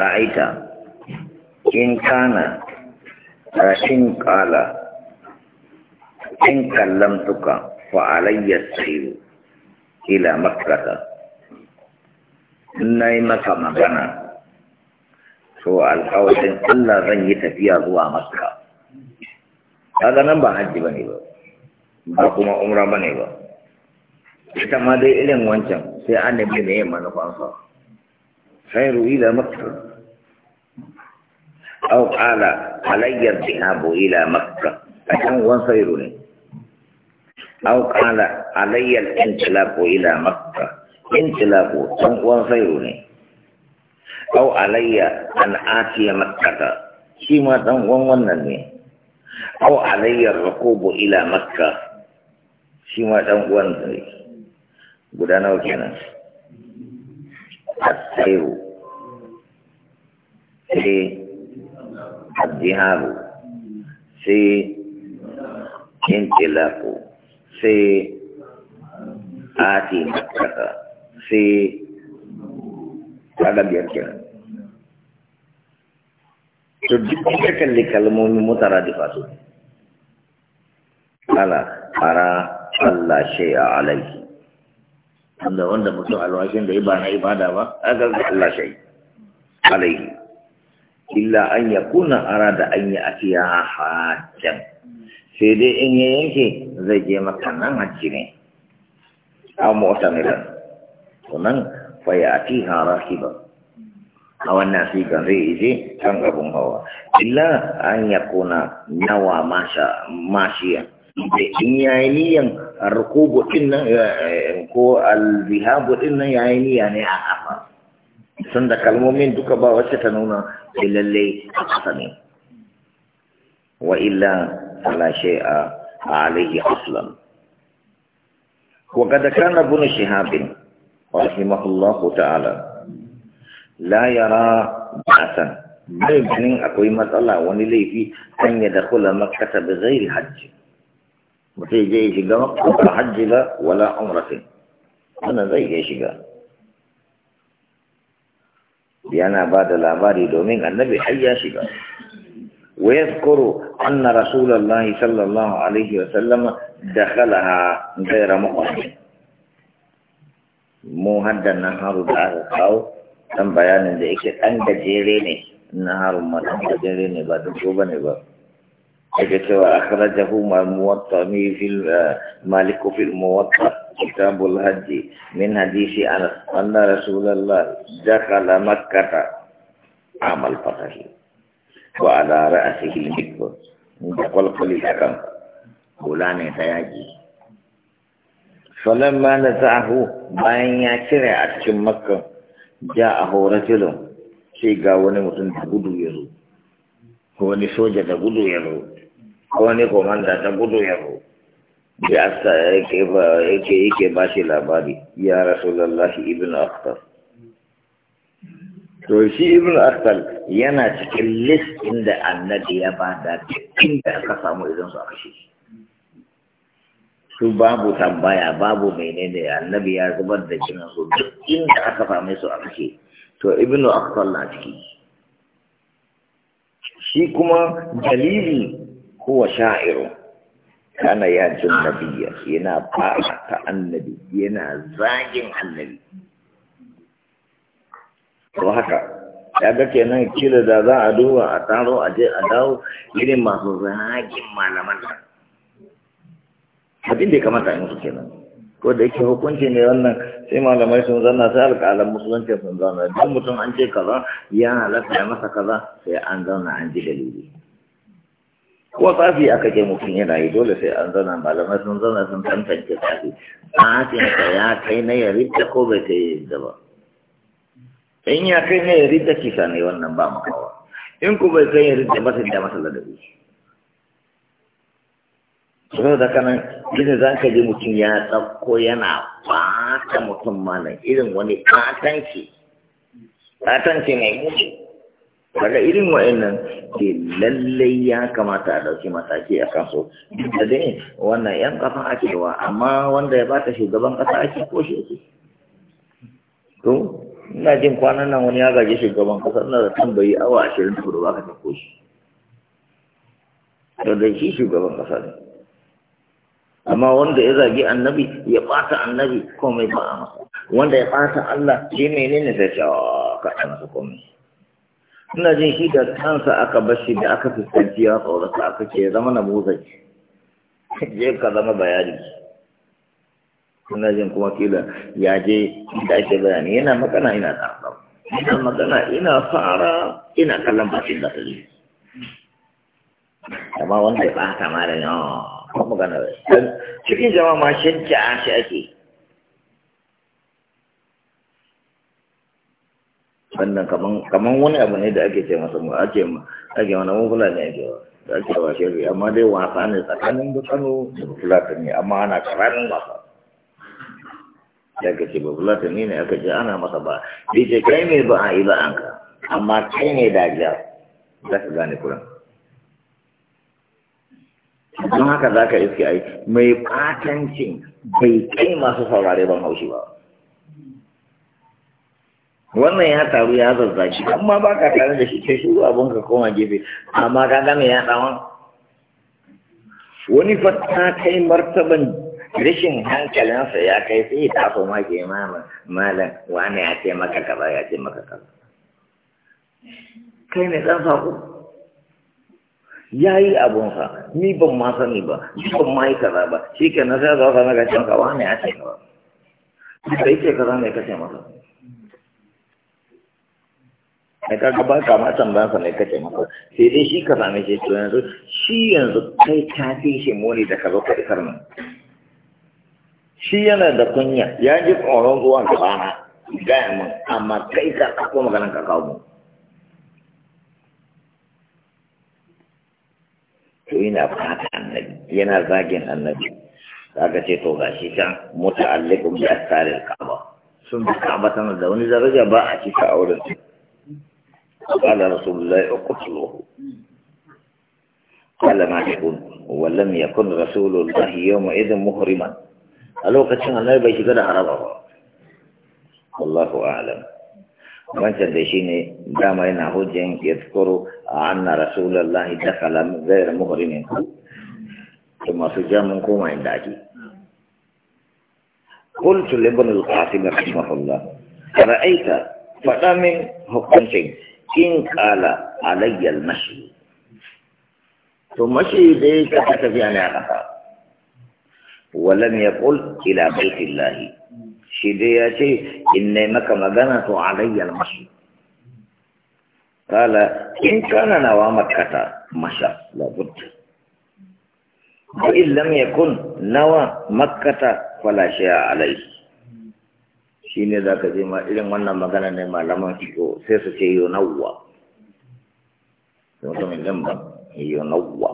ra'aita in kana rashin kala in kallamtuka fa alayya sayru ila makkata nai maka magana so alƙawarin Allah zan yi tafiya zuwa makka kaga nan ba hajji ba ne ba ba kuma umra ba ne ba ita ma dai irin wancan sai annabi ne ya manufansa sai ruhi da makka aw qala halayya dhahabu ila makkah ajan wan sayruni aw qala alayya al-intilaqu ila makkah intilaqu tan wan sayruni aw alayya an atiya makkah shi ma tan wan wannan ne aw alayya ar-ruqubu ila makkah shi ma tan wan guda nawa kenan at-sayru eh الذهاب سي انطلاق سي آتي مكة سي هذا بيرجع to duk da kalli tara di faso? ala ara Allah shay alaihi wanda wanda mutum alwashin da ba na ibada ba aga Allah shay illa an ya kuna ara arada an yi atiya hajjan sai dai in ya yanke zai je maka nan hajji ne a mota milan sunan fayati harahiba a wannan sigan zai je kan abun hawa illa an ya kuna nawa masha mashiya da in yayi niyan rukubu din nan eh, eh, ko alzihabu din nan yayi niyya ne a kafa tun da kalmomin duka ba wacce ta nuna sai lalle a ne wa illa ala shay'a alaihi aslam wa kada kana bunu shihabin rahimahullahu ta'ala la yara ba'san bai ganin akwai matsala wani laifi an ya da kula makkata bi ghairi hajji mutai je shiga makka hajji ba wala umratin wannan zai iya shiga yana ba da labari domin annabi har ya shiga wa yadhkuru anna rasulullahi sallallahu alaihi wa sallam dakhalaha ghayra muhrim mu haddan nan haru da aka kawo dan bayanin da yake dan gajere ne na harun ma dan gajere ne ba duk ba ne ba حيث أخرجه الموطأ في مالك في الموطأ كتاب الهج من حديث أن رسول الله دخل مكة عام الفتح وعلى رأسه المكبر دخل قليل كم بولاني سياجي فلما نزعه بين يشرع أتشم مكة جاءه رجل شيء قاوني مثل تبدو يرو هو نسوجة تبدو يرو wani komanda ta gudu yaro da yake ba yake yake ba shi labari ya rasulullahi ibn akhtar to shi ibn akhtar yana cikin list inda annabi ya bada cikin da aka samu idan su aka shi su babu tambaya babu menene annabi ya zubar da jinin su duk inda aka same su aka ce to ibn akhtar na ciki shi kuma dalili huwa sha'iru kana ya jin nabiyya yana fara ta annabi yana zagin annabi to haka ya ga kenan kila da za a duba a taro a je a dawo irin masu zagin malaman nan abin da ya kamata in su kenan ko da yake hukunci ne wannan sai malamai sun zanna sai alƙalan musulunci sun zanna don mutum an ce kaza ya halatta ya masa kaza sai an zauna an ji dalili ko tsafi aka je mutum yana yi dole sai an zana malamai sun zana sun tantance tsafi ka ya kai na yarinta ko bai ta yi da ba in ya kai na yarinta rita kisa ne wannan ba makawa in ku bai kai ya rita ba sai da masa ladabi sau da kanan gini za ka ji mutum ya tsakko yana fata mutum mana irin wani fatanci fatanci mai mutum daga irin wa'annan ke lallai ya kamata a ɗauki mataki a kansu da dai wannan yan ƙasan ake wa amma wanda ya bata shugaban ƙasa ake ko shi ake to ina jin kwanan nan wani ya gaji shugaban ƙasa ina da tambayi awa ashirin da kudu aka ko shi to da shi shugaban ƙasa ne amma wanda ya zagi annabi ya ɓata annabi komai ba a masa wanda ya ɓata Allah shi menene sai ce a ah, kaɗa masa komai ina jin shi da kansa aka bashi da aka fuskanci ya tsorata aka ce zama na motsaci je ka zama bayani ina jin kuma kila ya je da ake bayani yana magana ina tsarsa ina magana ina fara ina kallon bakin da ta amma wanda ya ɓata ma da yawa kuma magana cikin jama'a ma a shi ake wannan kaman kaman wani abu ne da ake ce masa mu ake ake wani mun fulani ake da ake wa shirri amma dai wasa ne tsakanin bukano da ne amma ana karanin wasa da aka ce ba fulatani ne aka ji ana masa ba bai ce kai ne ba a yi ba an ka amma kai ne da ja za ka gane kuran don haka za ka iske ai mai fatancin bai kai masu saurare ban haushi ba wannan ya taru ya zazzaci amma ba ka tare da shi ke zuwa abin ka koma gefe amma ka gane ya tsawon wani fata kai martaban rashin hankalinsa ya kai sai ta so ma ke malam wani ya ce maka kaza ya ce maka kaza kai ne dan sako ya yi abunsa ni ban ma sani ba ni ban ma yi kaza ba shi ke na sai za na ga can ka wani ya ce kaza sai ce kaza ne ka ce masa ai kaga ba ka ma tambayan sa ne kace maka sai dai shi ka same shi to yanzu shi yanzu kai ka fi shi muni da ka zo ka isar nan shi yana da kunya ya ji tsoron zuwa gabana gaya min amma kai ka ɗauko maganan ka kawo mu to ina fata annabi yana zagin annabi kaga ce to gashi can muta'alliqun bi astaril kaaba sun bi kaaba tana da wani daraja ba a cika auren قال رسول الله اقتلوه قال ما يكون ولم يكن رسول الله يومئذ مهرما ألو كتشن الله بيش كده حرابا والله أعلم وانت دشيني دام انا هجين يذكر أن رسول الله دخل غير مهرم ثم سجى منكم عند أجي قلت لابن القاسم رحمه الله أرأيت فقام من حكم شيء in kala alayyal mashi to mashi dai ka ta tafiya ne a ƙasa walam ya ƙul ila baitillahi shi dai ya ce in ne maka magana to alayyal mashi kala in kana nawa makkata masha labudda Ko in lam yakun nawa makkata fala shay'a alayhi shi ne za ka je ma irin wannan magana ne malaman shigo sai su ce yi nawa mutumin nan ba yi nawa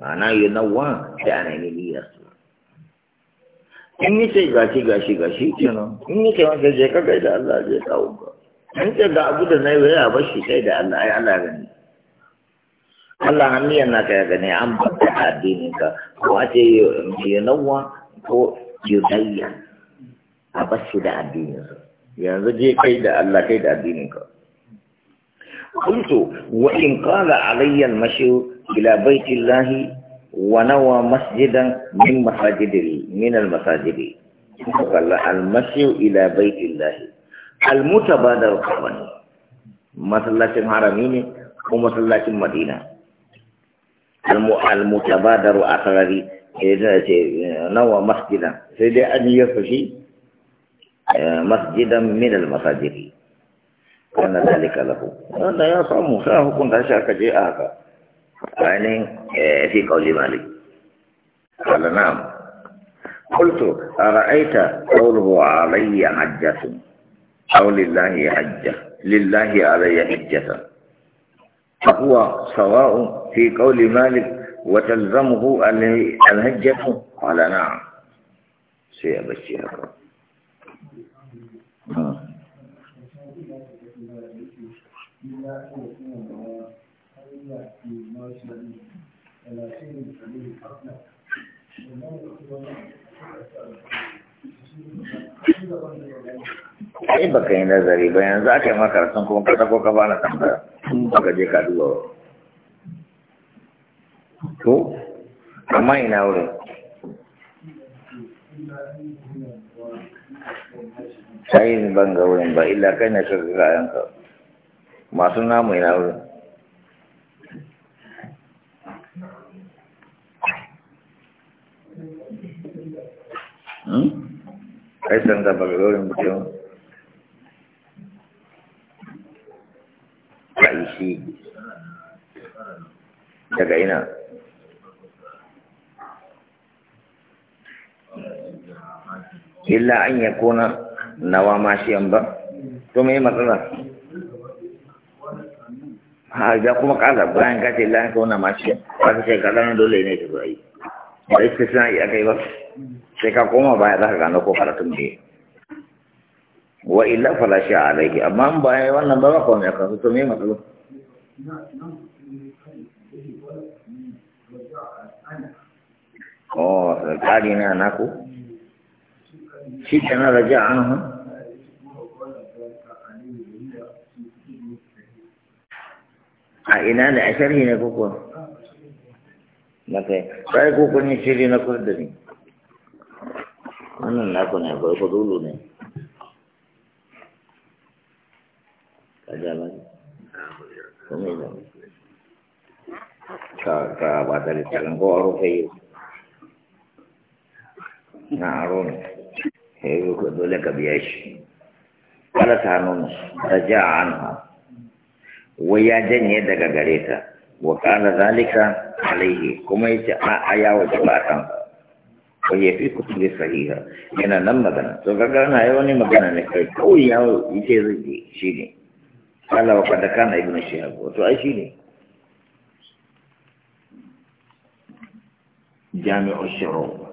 ma'ana yi nawa sai ana yi niyyar su in yi ce gashi gashi gashi kenan in yi ce wanda je ka gaida Allah je kawo ba in ce ga abu da na yi waya ba shi kai da Allah ai Allah gani Allah hannu na ka ya gani an ba ta addinin ka ko a ce yi nawa ko yudayyan a bashi da addininsa yanzu je kai da Allah kai da addininka kuntu wa in qala alayya al-mashu ila baiti llahi wa nawa masjidan min masajidil min al-masajidi qala al-mashu ila baiti llahi al mutabadal qawl masallacin harami ne ko masallacin madina al-mutabadaru asrari eh, idan ce eh, nawa masjidan sai dai an yi fashi Eh, masjidan min al-masajid kana dalika lahu wanda ah, ya samu sai hukunta shi aka je a haka ainihin ah, eh, fi kauli malik قال نعم قلت أرأيت قوله علي حجة أو لله حجة لله علي فهو سواء في قول مالك وتلزمه الهجة قال نعم سيبشركم ai ba ka yi nazari ba yanzu aka yi makarantar kuma ka tako ka fara tambaya baka je ka duba ba to amma ina wurin sai ban ga wurin ba illa kai na shirka kayanka masu namu ina wurin hmm? kai san da wurin mutum daga ina illa an yakuna nawa mashiyan ba to me matsala ha da kuma kala bayan ka ce lan kauna mashiyan ba ta ce kalan dole ne ta zai Bai ita sai ya kai ba sai ka koma baya za ka gano ko karatun da wa illa fala shi alaihi amma ba ya wannan ba ba ko me ka to me matsala Oh, tsari na naku? shi kenan a ina da a sharhi na kuku na kai kuku ne shiri na kurdani wannan naku ne bai fadulu ne kajalan ka ba da littafin ko a rufe yi na aro ne sai ko dole ka biya shi kana tanun raja anha wai ya janye daga gare ta wa kana zalika alaihi kuma yace a aya wa jabatan ko ya fi kutubi sahiha yana nan magana to kaga na yi wani magana ne eh, kai kawai ya yace zai shi ne Allah wa kada kana ibn shihab to ai shi ne jami'u shiru